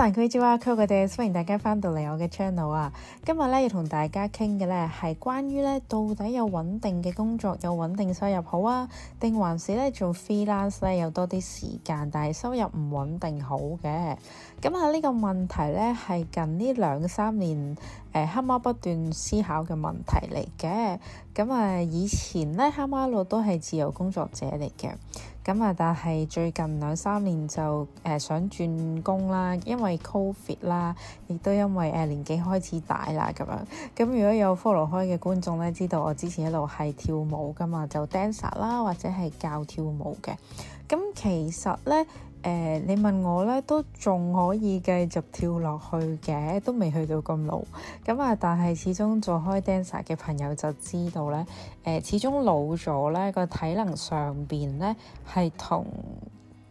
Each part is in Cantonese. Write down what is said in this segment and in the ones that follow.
大家好，我係 Joey，歡迎大家翻到嚟我嘅 channel 啊！今日咧要同大家傾嘅咧係關於咧到底有穩定嘅工作有穩定收入好啊，定還是咧做 freelance 咧有多啲時間，但係收入唔穩定好嘅？咁啊呢個問題咧係近呢兩三年誒，黑貓不斷思考嘅問題嚟嘅。咁啊以前咧，黑貓一路都係自由工作者嚟嘅。咁啊，但係最近兩三年就誒、呃、想轉工啦，因為 COVID 啦，亦都因為誒、呃、年紀開始大啦咁樣。咁如果有 follow 開嘅觀眾咧，知道我之前一路係跳舞㗎嘛，就 dancer 啦，或者係教跳舞嘅。咁其實咧。誒、呃，你問我咧，都仲可以繼續跳落去嘅，都未去到咁老。咁、嗯、啊，但係始終做開 dancer 嘅朋友就知道咧，誒、呃，始終老咗咧個體能上邊咧係同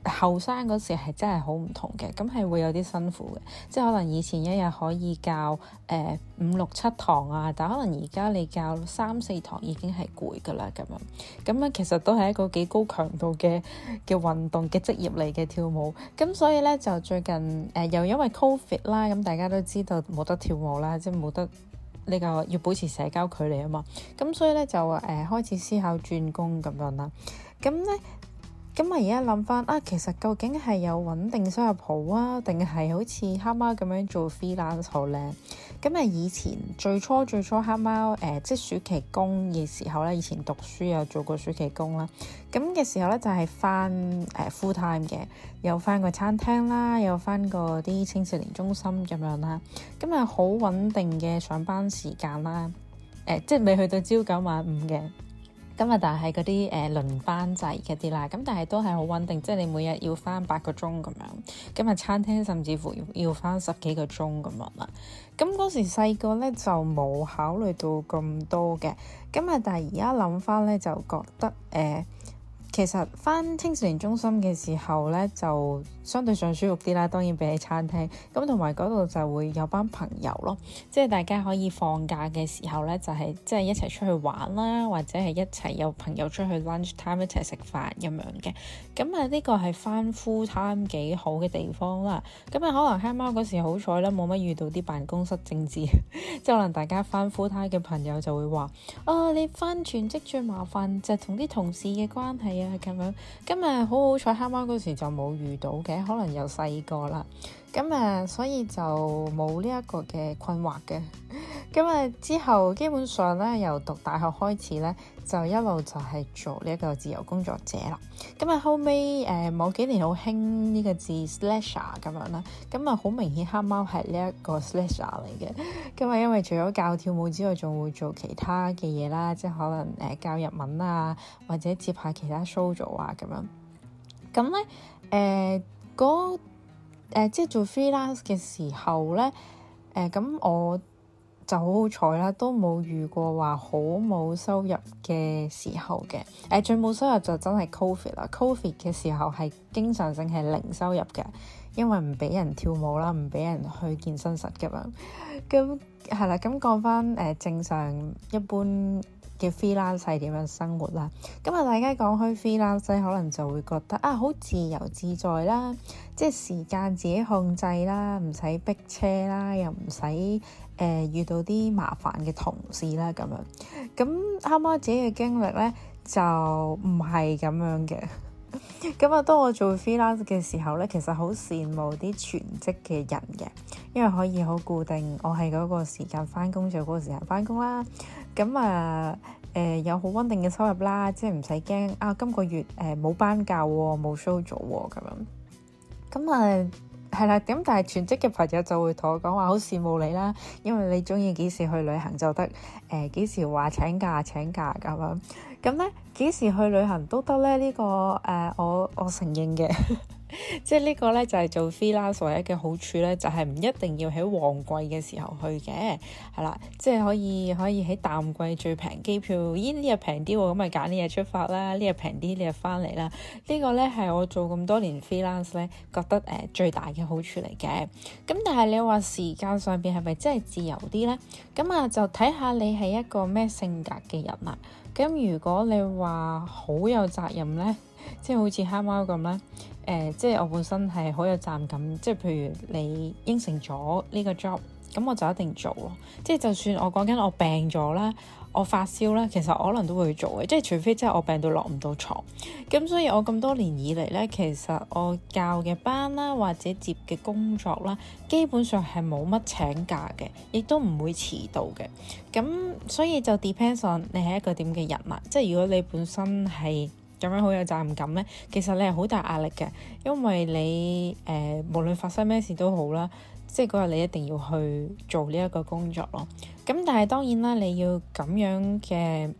後生嗰時係真係好唔同嘅，咁係會有啲辛苦嘅，即係可能以前一日可以教誒五六七堂啊，但可能而家你教三四堂已經係攰噶啦咁樣，咁啊其實都係一個幾高強度嘅嘅運動嘅職業嚟嘅跳舞，咁所以咧就最近誒、呃、又因為 COVID 啦，咁大家都知道冇得跳舞啦，即係冇得呢、呢個要保持社交距離啊嘛，咁所以咧就誒、呃、開始思考轉工咁樣啦，咁咧。咁啊，而家諗翻啊，其實究竟係有穩定收入好啊，定係好似黑貓咁樣做 freelance 好咧？咁、嗯、啊，以前最初最初黑貓誒、呃，即暑期工嘅時候咧，以前讀書又做過暑期工啦。咁嘅時候呢，就係翻誒 full time 嘅，有翻過餐廳啦，有翻過啲青少年中心咁樣啦。咁啊，好、嗯、穩定嘅上班時間啦，呃、即係未去到朝九晚五嘅。今日但係嗰啲誒輪班制嗰啲啦，咁但係都係好穩定，即係你每日要翻八個鐘咁樣。今日餐廳甚至乎要翻十幾個鐘咁樣啦。咁嗰時細個咧就冇考慮到咁多嘅，咁啊但係而家諗翻咧就覺得誒。欸其實翻青少年中心嘅時候呢，就相對上舒服啲啦。當然比起餐廳咁，同埋嗰度就會有班朋友咯。即係大家可以放假嘅時候呢，就係即係一齊出去玩啦，或者係一齊有朋友出去 lunch time 一齊食飯咁樣嘅。咁啊呢、這個係翻 full time 幾好嘅地方啦。咁啊可能黑貓嗰時好彩啦，冇乜遇到啲辦公室政治， 即可能大家翻 full time 嘅朋友就會話：啊、哦、你翻全職最麻煩就係同啲同事嘅關係啊！咁樣，今日好好彩，黑貓嗰時就冇遇到嘅，可能又細個啦。咁啊、嗯，所以就冇呢一個嘅困惑嘅。咁 啊、嗯，之後基本上咧，由讀大學開始咧，就一路就係做呢一個自由工作者啦。咁 啊、嗯，後尾，誒、呃，某幾年好興呢個字 slasher 咁樣啦。咁、嗯、啊，好、嗯、明顯黑貓係呢一個 slasher 嚟嘅。咁 啊、嗯，因為除咗教跳舞之外，仲會做其他嘅嘢啦，即係可能誒、呃、教日文啊，或者接下其他 show 做啊咁樣。咁、嗯、咧，誒、嗯、嗰。嗯誒、呃、即係做 freelance 嘅時候咧，誒、呃、咁我就好好彩啦，都冇遇過話好冇收入嘅時候嘅。誒、呃、最冇收入就真係 CO covid 啦，covid 嘅時候係。經常性係零收入嘅，因為唔俾人跳舞啦，唔俾人去健身室咁樣。咁係啦，咁講翻誒正常一般嘅 freelancer 點樣生活啦。今、嗯、日大家講開 freelancer 可能就會覺得啊，好自由自在啦，即係時間自己控制啦，唔使逼車啦，又唔使誒遇到啲麻煩嘅同事啦咁樣。咁啱啱自己嘅經歷呢，就唔係咁樣嘅。咁啊，當我做 freelance 嘅時候咧，其實好羨慕啲全職嘅人嘅，因為可以好固定。我係嗰個時間翻工就嗰個時間翻工啦。咁啊，誒、呃、有好穩定嘅收入啦，即係唔使驚啊。今個月誒冇、呃、班教喎、哦，冇 show 做喎咁樣。咁啊～、呃係啦，咁但係全職嘅朋友就會同我講話，好羨慕你啦，因為你鍾意幾時去旅行就得，誒、呃、幾時話請假、啊、請假咁、啊、樣，咁咧幾時去旅行都得咧呢、這個誒、呃，我我承認嘅。 即係呢個呢，就係做 freelancer 嘅好處呢，就係唔一定要喺旺季嘅時候去嘅，係啦，即係可以可以喺淡季最平機票，咦，呢日平啲，咁咪揀呢日出發啦，呢日平啲，呢日翻嚟啦。呢個呢，係我做咁多年 freelance 呢覺得誒最大嘅好處嚟嘅。咁但係你話時間上邊係咪真係自由啲呢？咁啊就睇下你係一個咩性格嘅人啦。咁如果你話好有責任咧，即係好似黑貓咁咧，誒、呃，即係我本身係好有責任感，即係譬如你應承咗呢個 job，咁我就一定做咯。即係就算我講緊我病咗咧。我發燒啦，其實我可能都會做嘅，即係除非真係我病到落唔到床。咁所以我咁多年以嚟呢，其實我教嘅班啦，或者接嘅工作啦，基本上係冇乜請假嘅，亦都唔會遲到嘅。咁所以就 depends on 你係一個點嘅人啦。即係如果你本身係咁樣好有責任感呢，其實你係好大壓力嘅，因為你誒、呃、無論發生咩事都好啦。即係嗰日你一定要去做呢一個工作囉，咁但係當然啦，你要咁樣嘅。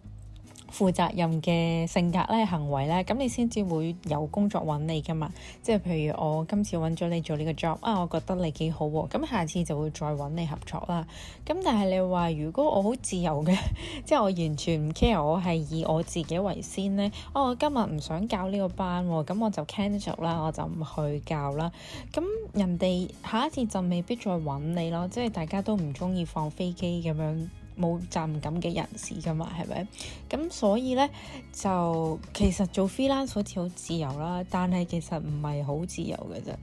負責任嘅性格咧、行為咧，咁你先至會有工作揾你㗎嘛。即係譬如我今次揾咗你做呢個 job，啊，我覺得你幾好喎、啊，咁下次就會再揾你合作啦。咁但係你話如果我好自由嘅， 即係我完全唔 care，我係以我自己為先咧、啊，我今日唔想教呢個班喎、啊，咁我就 cancel 啦，我就唔去教啦。咁人哋下一次就未必再揾你咯，即係大家都唔中意放飛機咁樣。冇責任感嘅人士㗎嘛，係咪？咁所以咧，就其實做 freelance 好似好自由啦，但係其實唔係好自由嘅啫。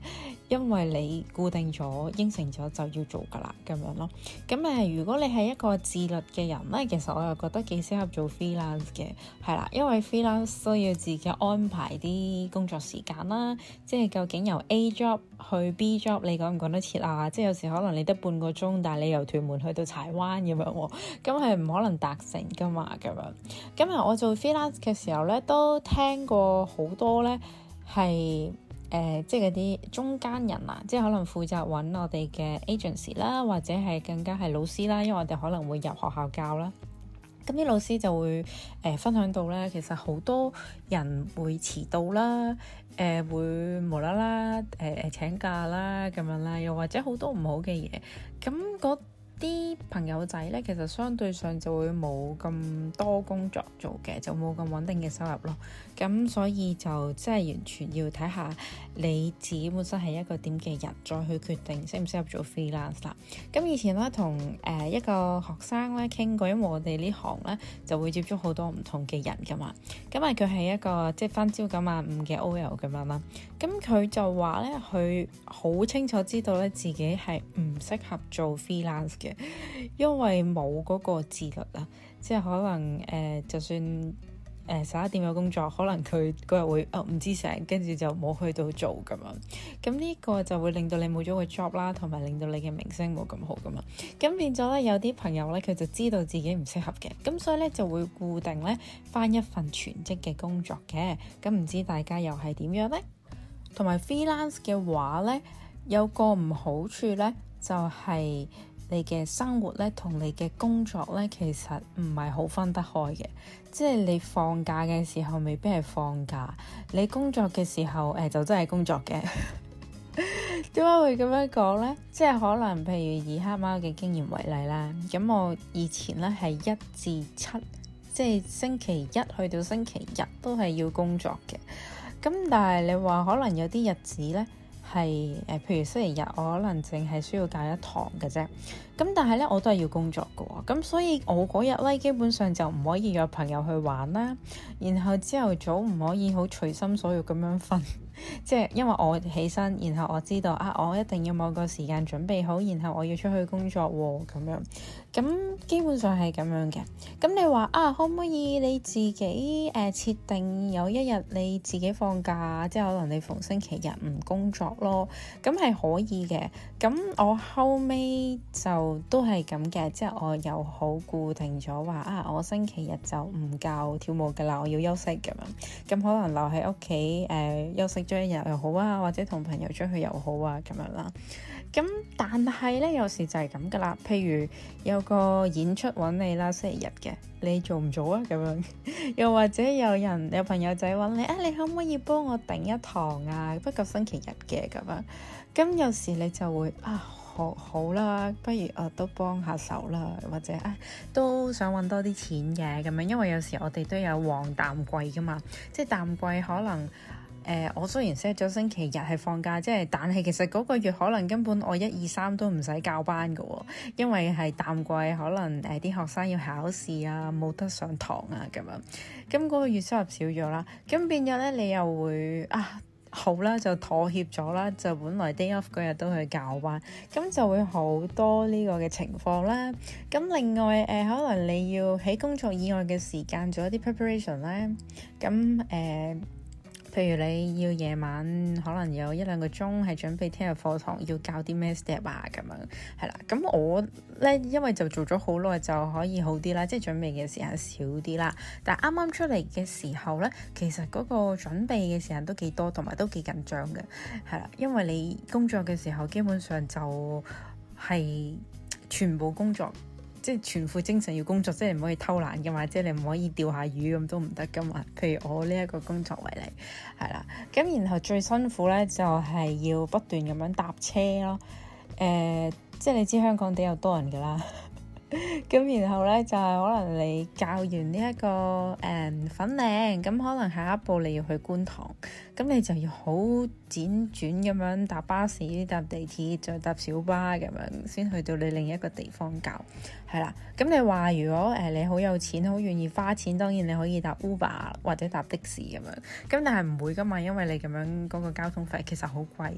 因為你固定咗應承咗就要做㗎啦，咁樣咯。咁誒，如果你係一個自律嘅人咧，其實我又覺得幾適合做 freelance 嘅，係啦，因為 freelance 需要自己安排啲工作時間啦。即係究竟由 A job 去 B job，你趕唔趕得切啊？即係有時可能你得半個鐘，但係你由屯門去到柴灣咁樣喎，咁係唔可能達成㗎嘛，咁樣。咁啊，我做 freelance 嘅時候咧，都聽過好多咧係。誒，即係嗰啲中間人啊，即係可能負責揾我哋嘅 agency 啦，或者係更加係老師啦，因為我哋可能會入學校教啦。咁啲老師就會誒分享到咧，其實好多人會遲到啦，誒會無啦啦誒誒請假啦咁樣啦，又或者好多唔好嘅嘢，咁啲朋友仔咧，其實相對上就會冇咁多工作做嘅，就冇咁穩定嘅收入咯。咁所以就即係完全要睇下你自己本身係一個點嘅人，再去決定適唔適合做 freelance 啦。咁以前咧同誒一個學生咧傾過，因為我哋呢行咧就會接觸好多唔同嘅人噶嘛。咁啊，佢係一個即係翻朝九晚五嘅 OL 咁樣啦。咁佢就話咧，佢好清楚知道咧自己係唔適合做 freelance 嘅。因為冇嗰個自律啦，即係可能誒、呃，就算誒、呃、十一點有工作，可能佢嗰日會唔、呃、知醒，跟住就冇去到做咁樣，咁呢個就會令到你冇咗個 job 啦，同埋令到你嘅名聲冇咁好噶嘛。咁變咗咧，有啲朋友咧，佢就知道自己唔適合嘅，咁所以咧就會固定咧翻一份全職嘅工作嘅。咁唔知大家又係點樣呢？同埋 freelance 嘅話咧，有個唔好處咧就係、是。你嘅生活咧同你嘅工作咧，其實唔係好分得開嘅，即係你放假嘅時候未必係放假，你工作嘅時候誒、呃、就真係工作嘅。點 解會咁樣講呢？即係可能譬如以黑貓嘅經驗為例啦，咁我以前咧係一至七，即係星期一去到星期日都係要工作嘅。咁但係你話可能有啲日子咧。係誒，譬如星期日，我可能淨係需要教一堂嘅啫。咁但係咧，我都係要工作嘅喎。咁所以我嗰日咧，基本上就唔可以約朋友去玩啦。然後朝頭早唔可以好隨心所欲咁樣瞓。即係因為我起身，然後我知道啊，我一定要某個時間準備好，然後我要出去工作咁樣。咁基本上係咁樣嘅。咁你話啊，可唔可以你自己誒設定有一日你自己放假，即係可能你逢星期日唔工作咯？咁係可以嘅。咁我後尾就都係咁嘅，即係我又好固定咗話啊，我星期日就唔教跳舞嘅啦，我要休息咁樣。咁可能留喺屋企誒休息。追日又好啊，或者同朋友出去又好啊，咁樣啦。咁但係咧，有時就係咁噶啦。譬如有個演出搵你啦，星期日嘅，你做唔做啊？咁樣， 又或者有人有朋友仔搵你啊，你可唔可以幫我頂一堂啊？不過星期日嘅咁樣。咁有時你就會啊，好好啦，不如我都幫下手啦，或者啊都想搵多啲錢嘅咁樣，因為有時我哋都有旺淡季噶嘛，即係淡季可能。誒、呃，我雖然 set 咗星期日係放假，即係，但係其實嗰個月可能根本我一二三都唔使教班嘅喎、哦，因為係淡季，可能誒啲、呃、學生要考試啊，冇得上堂啊咁樣，咁、那、嗰個月收入少咗啦，咁變咗咧，你又會啊好啦，就妥協咗啦，就本來 day off 嗰日都去教班，咁就會好多呢個嘅情況啦。咁另外誒、呃，可能你要喺工作以外嘅時間做一啲 preparation 咧，咁誒。呃譬如你要夜晚可能有一兩個鐘係準備聽日課堂，要教啲咩 step 啊咁樣，係啦。咁我咧因為就做咗好耐，就可以好啲啦，即係準備嘅時間少啲啦。但係啱啱出嚟嘅時候咧，其實嗰個準備嘅時間都幾多，同埋都幾緊張嘅，係啦。因為你工作嘅時候基本上就係全部工作。即係全副精神要工作，即係唔可以偷懶嘅嘛，即係你唔可以釣下魚咁都唔得噶嘛。譬如我呢一個工作為例，係啦，咁 然後最辛苦咧就係要不斷咁樣搭車咯，誒、呃，即係你知香港地有多人噶啦。咁 然後咧就係、是、可能你教完呢、這、一個誒、uh, 粉嶺，咁可能下一步你要去觀塘，咁你就要好輾轉咁樣搭巴士、搭地鐵、再搭小巴咁樣，先去到你另一個地方教，係啦。咁你話如果誒、uh, 你好有錢，好願意花錢，當然你可以搭 Uber 或者搭的士咁樣，咁但係唔會噶嘛，因為你咁樣嗰個交通費其實好貴。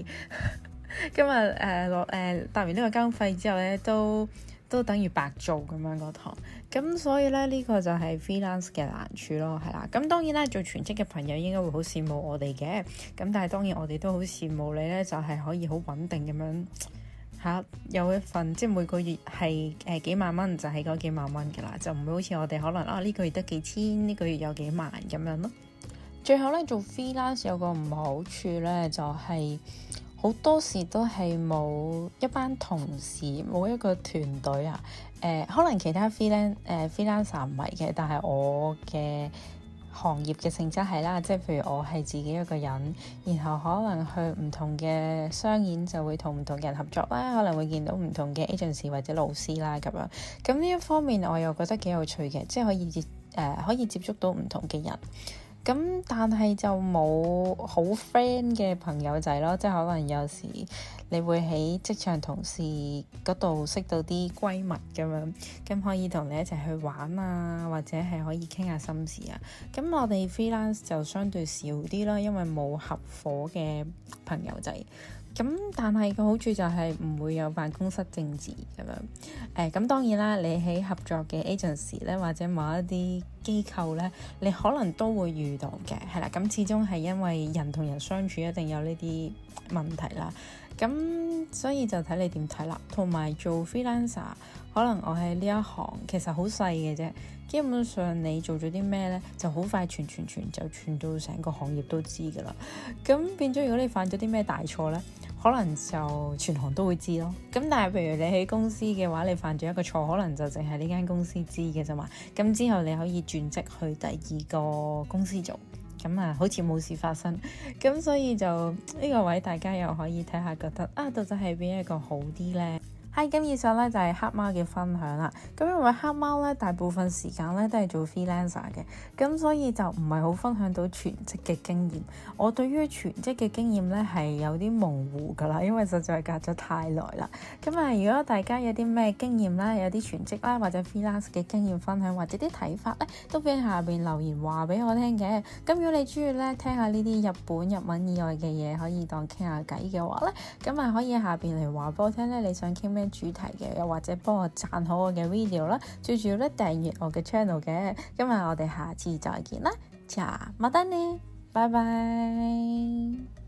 今日誒落誒搭完呢個交通費之後咧都。都等於白做咁樣嗰堂，咁所以咧呢、這個就係 freelance 嘅難處咯，係啦。咁當然啦，做全職嘅朋友應該會好羨慕我哋嘅，咁但係當然我哋都好羨慕你呢就係、是、可以好穩定咁樣嚇、啊、有一份，即係每個月係誒、呃、幾萬蚊就係嗰幾萬蚊噶啦，就唔會好似我哋可能啊呢、這個月得幾千，呢、這個月有幾萬咁樣咯。最後呢，做 freelance 有個唔好處呢，就係、是。好多時都係冇一班同事，冇一個團隊啊。誒、呃，可能其他 freelancer 唔係嘅，但係我嘅行業嘅性質係啦，即係譬如我係自己一個人，然後可能去唔同嘅商演就會同唔同嘅人合作啦，可能會見到唔同嘅 agency 或者老師啦咁樣。咁呢一方面我又覺得幾有趣嘅，即係可以接誒、呃、可以接觸到唔同嘅人。咁但係就冇好 friend 嘅朋友仔咯，即係可能有時你會喺職場同事嗰度識到啲閨蜜咁樣，咁可以同你一齊去玩啊，或者係可以傾下心事啊。咁我哋 freelance 就相對少啲咯，因為冇合夥嘅朋友仔。咁但係個好處就係唔會有辦公室政治咁樣，誒咁、欸、當然啦，你喺合作嘅 agency 咧，或者某一啲機構咧，你可能都會遇到嘅，係啦，咁始終係因為人同人相處一定有呢啲問題啦，咁所以就睇你點睇啦。同埋做 freelancer，可能我喺呢一行其實好細嘅啫，基本上你做咗啲咩咧，就好快傳傳傳就傳到成個行業都知噶啦。咁變咗如果你犯咗啲咩大錯咧？可能就全行都會知咯，咁但係譬如你喺公司嘅話，你犯咗一個錯，可能就淨係呢間公司知嘅啫嘛。咁之後你可以轉職去第二個公司做，咁啊好似冇事發生。咁所以就呢個位，大家又可以睇下，覺得啊到底係邊一個好啲咧？係咁，Hi，以上咧就係黑貓嘅分享啦。咁因為黑貓咧大部分時間咧都係做 freelancer 嘅，咁所以就唔係好分享到全職嘅經驗。我對於全職嘅經驗咧係有啲模糊㗎啦，因為實在隔咗太耐啦。咁啊，如果大家有啲咩經驗啦，有啲全職啦或者 freelance 嘅經驗分享或者啲睇法咧，都俾下邊留言話俾我聽嘅。咁如果你中意咧聽下呢啲日本日文以外嘅嘢，可以當傾下偈嘅話咧，咁啊可以喺下邊嚟話俾我聽咧，你想傾咩？主題嘅，又或者幫我贊好我嘅 video 啦，最主要咧訂閱我嘅 channel 嘅，今日我哋下次再見啦，じゃあまたね，拜拜。